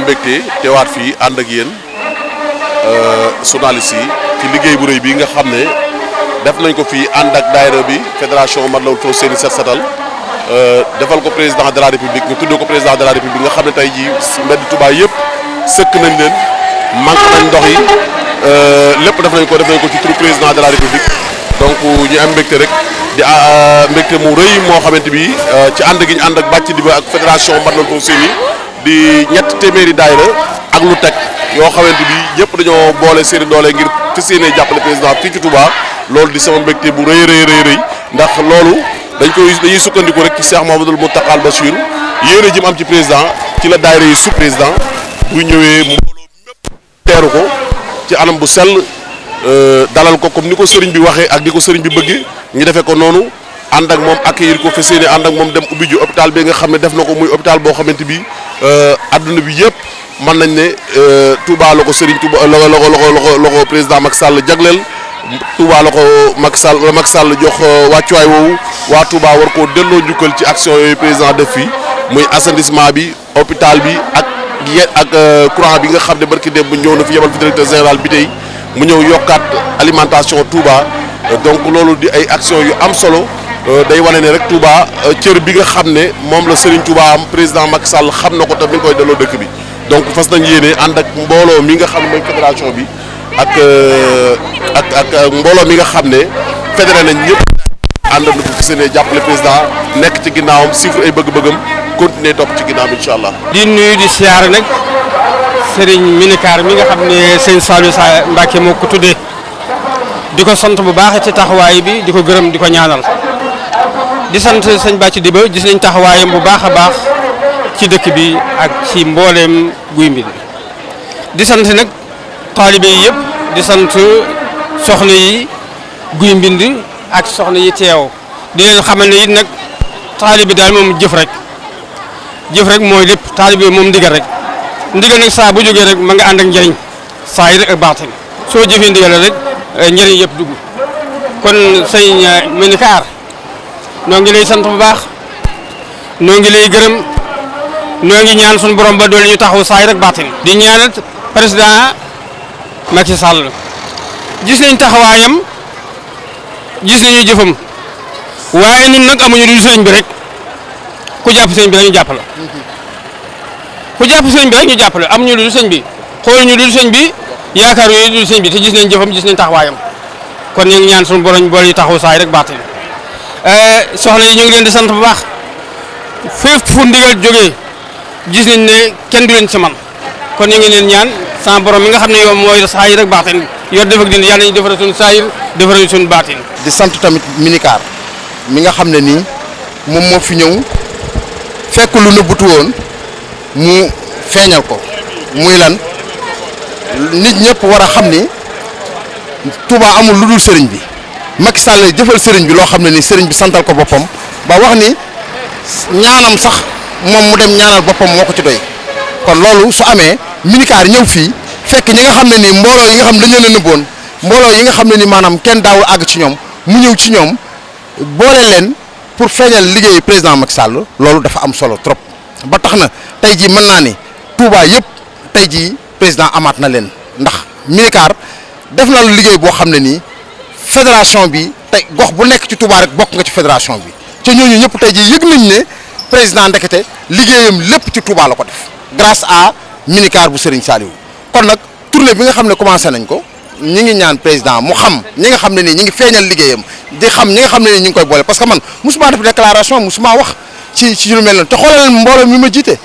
am mbégte teewaat fii ànd ak yéen euh, journaliste yi ci liggéey bu rëy bi nga xam ne def nañ ko fii ànd ak daayira bi fédération Matlaboul Fawzeyni Set Setal euh, defal ko président de la république ñu tuddee ko président de la république nga xam ne tey jii mbedd Touba yëpp sëkk nañ leen manqué nañ ndox yi euh, lépp def nañ ko def nañ ko ci turu président de la république donc ñu am mbégte rek di mbégte mu rëy moo xamante bi ci ànd gi ñu ànd ak bàcc di ba ak fédération Matlaboul Fawzeyni di ñett téeméeri daayira ak lu teg yoo xamante bi ñëpp dañoo boole seeni doole ngir fi seeni jàppale président fii ci Touba loolu di sama mbégte bu rëy rëy rëy ndax loolu dañ koy dañuy sukkandiku rek ci Cheikh Mouhamadoul Mountakha Bachir yéene ji mu am ci président ci la daayira yi su président bu ñëwee mbooloo mépp teeru ko ci anam bu sell euh, dalal ko comme ni ko sëriñ bi waxee ak ni ko sëriñ bi bëggee ñu defee ko noonu ànd ak moom accueillir ko fas yéene ànd ak moom dem ubbi ji bi nga xam ne def na ko muy hôpital boo xamante bi Euh, adduna bi yëpp man nañ ne euh, Touba la ko Serigne Touba la ko la ko la ko président Macky Sall jagleel Touba la ko Macky Sall Macky Sall jox euh, wàccuwaay woowu waa Touba war ko delloo njukkal ci action yooyu président def fii muy assainissement bi hôpital bi ak ak courant bi nga xam ne barki démb ñëw na fi yebal fi directeur général bi tey mu ñëw yokkaat alimentation Touba donc loolu di ay action yu am solo. Euh, day wane ne rek Touba euh, cër bi nga xam ne moom la Serigne Touba am président Macky sàll xam na ko te mi ngi delloo dëkk bi donc fas nañ yéene ànd ak mbooloo mi nga xam ne mooy fédération bi ak euh, ak mbooloo mi nga xam ne fédéré nañ ñëpp àndal na ko gisee jàppale président nekk ci ginnaawam suivre ay bëgg-bëggam continuer topp ci ginnaawam incha allah. di nuyu di siyaare nag Serigne Minikaar mi nga xam ne sëñ Saliou Sa Mbacke moo ko tuddee di ko sant bu baax ci taxawaay bi di ko gërëm di ko ñaanal. di sant sëñ Bàcci Diba gis nañ taxawaayam bu baax a baax ci dëkk bi ak ci mbooleem guy mbind di sant nag taalibe yi yëpp di sant soxna yi guy mbind ak soxna yi teew di leen xamal ne it nag taalibe daal moom jëf rek jëf rek mooy lépp taalibe moom ndigal rek ndigal nag saa bu jógee rek ma nga ànd ak njëriñ saa yi rek ak baatin soo jëfee ndigal rek eh, njëriñ yëpp dugg kon sëñ eh, mel ni kaar noo ngi lay sant bu baax noo ngi lay gërëm noo ngi ñaan suñu borom ba dool ñu taxaw saay rek baatin di ñaanat président Macky Sall gis nañ taxawaayam jis nañu jëfam waaye ñun nag amuñu du sëñ bi rek ku jàpp sëñ bi rek ñu jàpp la ku jàpp sëñ bi ñu jàpp la amuñu lu dul sëñ bi xool ñu dul sëñ bi yaakaar yooyu dul sëñ bi te gis nañ jëfam gis nañ taxawaayam kon ñu ngi ñaan suñu borom bool ñu taxaw saay rek baatin Eh, soxna yi ñu ngi leen di sant bu baax fépp fu ndigal jóge gis nañ ne kenn du leen ci man kon ñu ngi leen ñaan sama borom mi nga xam ne yow mooy saayir ak baatin yor def ak dindi yàlla nañu defaral suñu saayir defaral suñu baatin di sant tamit minicar mi nga xam ne nii moom moo fi ñëw fekk lu nëbbutu woon mu feeñal ko muy lan nit ñëpp war a xam ni Touba amul lu dul sëriñ bi Macky Sall jëfal sëriñ bi loo xam ne ni sëriñ bi santal ko boppam ba wax ni ñaanam sax moom mu dem ñaanal boppam moo ko ci doy kon loolu su amee minicar ñëw fii fekk ñi nga xam ne nii mbooloo yi nga xam ne dañoo leen nëbboon mbooloo yi nga xam ne ni maanaam kenn daawul àgg ci ñoom mu ñëw ci ñoom boole leen pour feeñal liggéey président Macky Sall loolu dafa am solo trop ba tax na tey jii mën naa ni Touba yëpp tey jii président amaat na leen ndax minicar def na lu liggéey boo xam ne nii. fédération bi tey gox bu nekk ci Touba rek bokk nga ci fédération bi ca ñooñu ñëpp tey ji yëg nañ ne président ndekete liggéeyam lépp ci Touba la ko def grâce à minicar bu Serigne Saliou kon nag tournée bi nga xam ne commencé nañ ko ñi ngi ñaan président mu xam ñi nga xam ne nii ñi ngi feeñal liggéeyam di xam ñi nga xam ne nii ngi koy boole parce que man musuma def déclaration musuma wax ci ci lu mel noonu te xoolal mbooloo mi ma jiite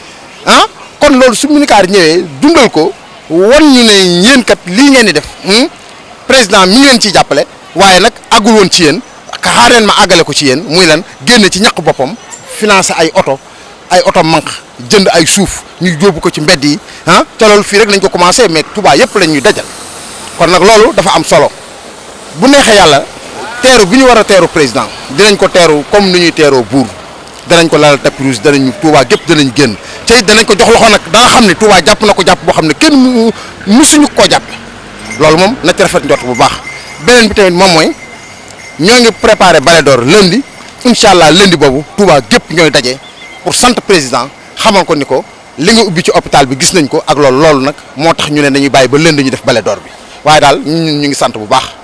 ah kon loolu su minicar ñëwee dundal ko wan ñu ne yéen lii ngeen di def hmm? président mi ngi ciy jàppale waaye nag àggul woon ci yéen xaareen ma àggale ko ci yéen muy lan génn ci ñaq boppam financé ay oto ay oto manq jënd ay suuf ñu jóobu ko ci mbedd yi ah te loolu fii rek lañ ko commencé mais tubaa yëpp lañ ñuy dajal kon nag loolu dafa am solo bu neexee yàlla teeru bi ñu war a teeru président dinañ ko teeru comme ni ñuy teeroo buur danañ ko lalal tapis rouge danañ Touba gépp danañ génn te it danañ ko jox loxo nag danga xam ne Touba jàpp na ko jàpp boo xam ne kenn musuñu koo jàpp loolu moom na rafet njort bu baax. beneen bi tamit moom mooy ñoo ngi préparé bale door lundi incha allah lundi boobu Touba gépp ñooy daje pour sant président xamal ko ni ko li nga ubbi ci hôpital bi gis nañ ko ak loolu loolu nag moo tax ñu ne dañuy bàyyi ba lundi ñu def bale door bi waaye daal ñu ngi sant bu baax.